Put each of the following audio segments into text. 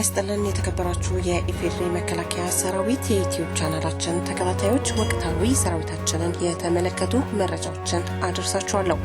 ጤና ይስጥልን የተከበራችሁ የኢፌዴሪ መከላከያ ሰራዊት የዩትዩብ ቻናላችን ተከታታዮች ወቅታዊ ሰራዊታችንን የተመለከቱ መረጃዎችን አደርሳችኋለሁ።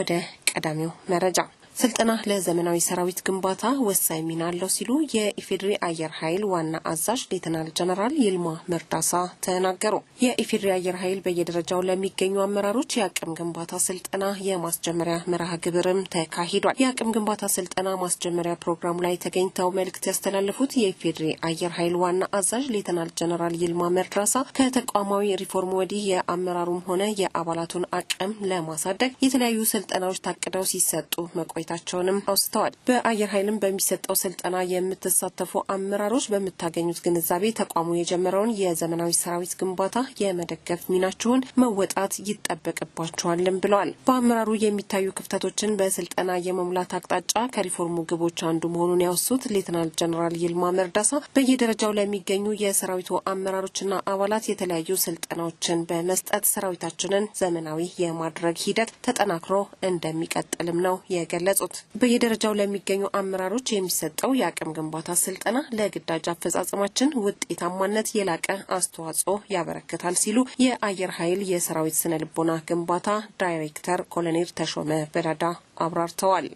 ወደ ቀዳሚው መረጃ ስልጠና ለዘመናዊ ሰራዊት ግንባታ ወሳኝ ሚና አለው ሲሉ የኢፌዴሪ አየር ኃይል ዋና አዛዥ ሌተናል ጀነራል ይልማ መርዳሳ ተናገሩ። የኢፌዴሪ አየር ኃይል በየደረጃው ለሚገኙ አመራሮች የአቅም ግንባታ ስልጠና የማስጀመሪያ መርሃ ግብርም ተካሂዷል። የአቅም ግንባታ ስልጠና ማስጀመሪያ ፕሮግራሙ ላይ ተገኝተው መልእክት ያስተላለፉት የኢፌዴሪ አየር ኃይል ዋና አዛዥ ሌተናል ጀነራል ይልማ መርዳሳ ከተቋማዊ ሪፎርም ወዲህ የአመራሩም ሆነ የአባላቱን አቅም ለማሳደግ የተለያዩ ስልጠናዎች ታቅደው ሲሰጡ መቆየ መታየታቸውንም አውስተዋል። በአየር ኃይልም በሚሰጠው ስልጠና የምትሳተፉ አመራሮች በምታገኙት ግንዛቤ ተቋሙ የጀመረውን የዘመናዊ ሰራዊት ግንባታ የመደገፍ ሚናችሁን መወጣት ይጠበቅባቸዋልም ብለዋል። በአመራሩ የሚታዩ ክፍተቶችን በስልጠና የመሙላት አቅጣጫ ከሪፎርሙ ግቦች አንዱ መሆኑን ያወሱት ሌትናል ጀነራል ይልማ መርዳሳ በየደረጃው ለሚገኙ የሰራዊቱ አመራሮችና አባላት የተለያዩ ስልጠናዎችን በመስጠት ሰራዊታችንን ዘመናዊ የማድረግ ሂደት ተጠናክሮ እንደሚቀጥልም ነው የገለጹ የገለጹት። በየደረጃው ለሚገኙ አመራሮች የሚሰጠው የአቅም ግንባታ ስልጠና ለግዳጅ አፈጻጸማችን ውጤታማነት የላቀ አስተዋጽኦ ያበረክታል ሲሉ የአየር ኃይል የሰራዊት ስነ ልቦና ግንባታ ዳይሬክተር ኮሎኔል ተሾመ በዳዳ አብራርተዋል።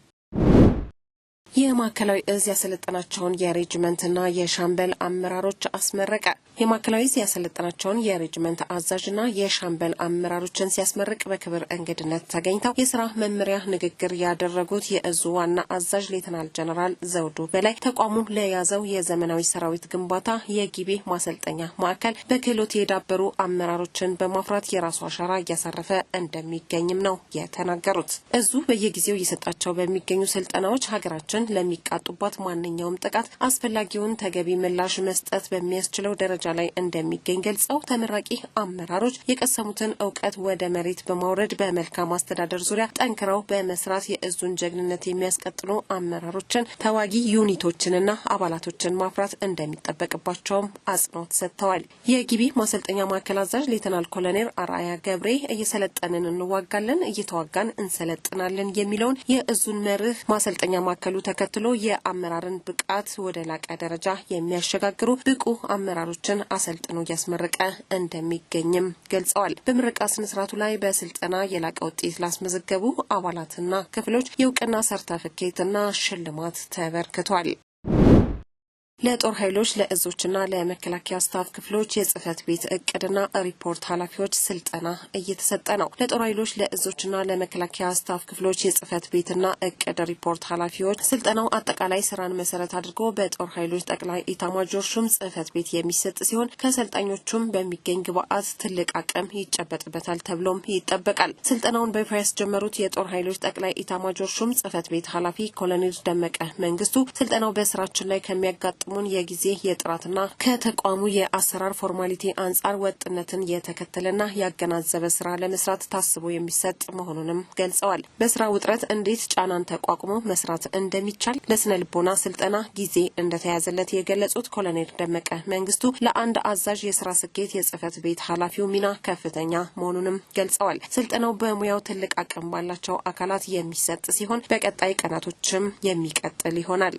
የማዕከላዊ እዝ ያሰለጠናቸውን የሬጅመንትና የሻምበል አመራሮች አስመረቀ። የማዕከላዊ እዝ ያሰለጠናቸውን የሬጅመንት አዛዥና የሻምበል አመራሮችን ሲያስመርቅ በክብር እንግድነት ተገኝተው የስራ መመሪያ ንግግር ያደረጉት የእዙ ዋና አዛዥ ሌተናል ጀነራል ዘውዱ በላይ ተቋሙ ለያዘው የዘመናዊ ሰራዊት ግንባታ የጊቤ ማሰልጠኛ ማዕከል በክህሎት የዳበሩ አመራሮችን በማፍራት የራሱ አሻራ እያሳረፈ እንደሚገኝም ነው የተናገሩት። እዙ በየጊዜው እየሰጣቸው በሚገኙ ስልጠናዎች ሀገራችን ዜጎቻችን ለሚቃጡባት ማንኛውም ጥቃት አስፈላጊውን ተገቢ ምላሽ መስጠት በሚያስችለው ደረጃ ላይ እንደሚገኝ ገልጸው ተመራቂ አመራሮች የቀሰሙትን እውቀት ወደ መሬት በማውረድ በመልካም አስተዳደር ዙሪያ ጠንክረው በመስራት የእዙን ጀግንነት የሚያስቀጥሉ አመራሮችን፣ ተዋጊ ዩኒቶችንና አባላቶችን ማፍራት እንደሚጠበቅባቸውም አጽንኦት ሰጥተዋል። የጊቢ ማሰልጠኛ ማዕከል አዛዥ ሌተናል ኮሎኔል አርአያ ገብሬ እየሰለጠንን እንዋጋለን፣ እየተዋጋን እንሰለጥናለን የሚለውን የእዙን መርህ ማሰልጠኛ ማዕከሉ ተከትሎ የአመራርን ብቃት ወደ ላቀ ደረጃ የሚያሸጋግሩ ብቁ አመራሮችን አሰልጥኖ እያስመረቀ እንደሚገኝም ገልጸዋል። በምረቃ ስነስርዓቱ ላይ በስልጠና የላቀ ውጤት ላስመዘገቡ አባላትና ክፍሎች የእውቅና ሰርተፍኬትና ሽልማት ተበርክቷል። ለጦር ኃይሎች ለእዞችና ለመከላከያ ስታፍ ክፍሎች የጽህፈት ቤት እቅድና ሪፖርት ኃላፊዎች ስልጠና እየተሰጠ ነው። ለጦር ኃይሎች ለእዞችና ለመከላከያ ስታፍ ክፍሎች የጽህፈት ቤትና እቅድ ሪፖርት ኃላፊዎች ስልጠናው አጠቃላይ ስራን መሰረት አድርጎ በጦር ኃይሎች ጠቅላይ ኢታማጆር ሹም ጽህፈት ቤት የሚሰጥ ሲሆን ከሰልጣኞቹም በሚገኝ ግብአት ትልቅ አቅም ይጨበጥበታል ተብሎም ይጠበቃል። ስልጠናውን በይፋ ያስጀመሩት የጦር ኃይሎች ጠቅላይ ኢታማጆር ሹም ጽህፈት ቤት ኃላፊ ኮሎኔል ደመቀ መንግስቱ ስልጠናው በስራችን ላይ ከሚያጋጥ ጥቅሙን የጊዜ የጥራትና ከተቋሙ የአሰራር ፎርማሊቲ አንጻር ወጥነትን የተከተለና ያገናዘበ ስራ ለመስራት ታስቦ የሚሰጥ መሆኑንም ገልጸዋል። በስራ ውጥረት እንዴት ጫናን ተቋቁሞ መስራት እንደሚቻል ለስነ ልቦና ስልጠና ጊዜ እንደተያዘለት የገለጹት ኮሎኔል ደመቀ መንግስቱ ለአንድ አዛዥ የስራ ስኬት የጽህፈት ቤት ኃላፊው ሚና ከፍተኛ መሆኑንም ገልጸዋል። ስልጠናው በሙያው ትልቅ አቅም ባላቸው አካላት የሚሰጥ ሲሆን በቀጣይ ቀናቶችም የሚቀጥል ይሆናል።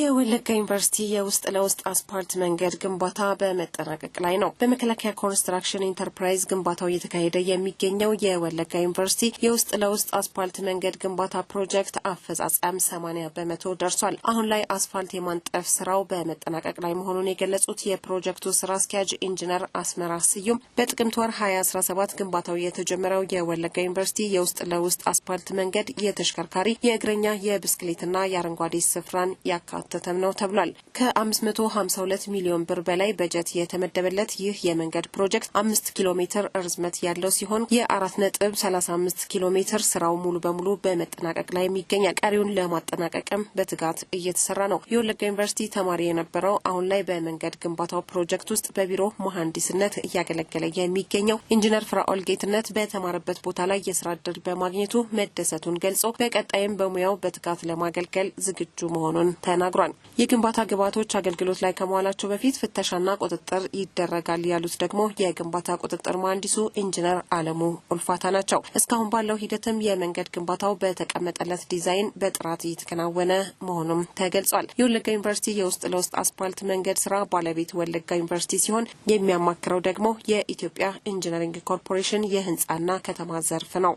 የወለጋ ዩኒቨርሲቲ የውስጥ ለውስጥ አስፓልት መንገድ ግንባታ በመጠናቀቅ ላይ ነው። በመከላከያ ኮንስትራክሽን ኢንተርፕራይዝ ግንባታው እየተካሄደ የሚገኘው የወለጋ ዩኒቨርሲቲ የውስጥ ለውስጥ አስፓልት መንገድ ግንባታ ፕሮጀክት አፈጻጸም 8 በመቶ ደርሷል። አሁን ላይ አስፋልት የማንጠፍ ስራው በመጠናቀቅ ላይ መሆኑን የገለጹት የፕሮጀክቱ ስራ አስኪያጅ ኢንጂነር አስመራ ስዩም በጥቅምት ወር 2017 ግንባታው የተጀመረው የወለጋ ዩኒቨርሲቲ የውስጥ ለውስጥ አስፓልት መንገድ የተሽከርካሪ የእግረኛ የብስክሌትና የአረንጓዴ ስፍራን ያካ የተጓተተም ነው ተብሏል። ከ552 ሚሊዮን ብር በላይ በጀት የተመደበለት ይህ የመንገድ ፕሮጀክት አምስት ኪሎ ሜትር ርዝመት ያለው ሲሆን የ ነጥብ 35 ኪሎ ሜትር ስራው ሙሉ በሙሉ በመጠናቀቅ ላይ ይገኛል። ቀሪውን ለማጠናቀቅም በትጋት እየተሰራ ነው። የወለጋ ዩኒቨርሲቲ ተማሪ የነበረው አሁን ላይ በመንገድ ግንባታው ፕሮጀክት ውስጥ በቢሮ መሐንዲስነት እያገለገለ የሚገኘው ኢንጂነር ፍራኦል ጌትነት በተማረበት ቦታ ላይ የስራ እድል በማግኘቱ መደሰቱን ገልጾ በቀጣይም በሙያው በትጋት ለማገልገል ዝግጁ መሆኑን ተናግሯል። ተናግሯል። የግንባታ ግብዓቶች አገልግሎት ላይ ከመዋላቸው በፊት ፍተሻና ቁጥጥር ይደረጋል ያሉት ደግሞ የግንባታ ቁጥጥር መሀንዲሱ ኢንጂነር አለሙ ኡልፋታ ናቸው። እስካሁን ባለው ሂደትም የመንገድ ግንባታው በተቀመጠለት ዲዛይን በጥራት እየተከናወነ መሆኑም ተገልጿል። የወለጋ ዩኒቨርሲቲ የውስጥ ለውስጥ አስፓልት መንገድ ስራ ባለቤት ወለጋ ዩኒቨርሲቲ ሲሆን የሚያማክረው ደግሞ የኢትዮጵያ ኢንጂነሪንግ ኮርፖሬሽን የህንፃና ከተማ ዘርፍ ነው።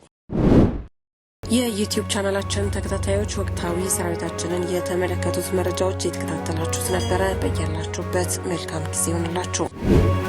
የዩቲዩብ ቻናላችን ተከታታዮች ወቅታዊ ሰራዊታችንን የተመለከቱት መረጃዎች የተከታተላችሁት ነበረ። በያላችሁበት መልካም ጊዜ ይሆንላችሁ።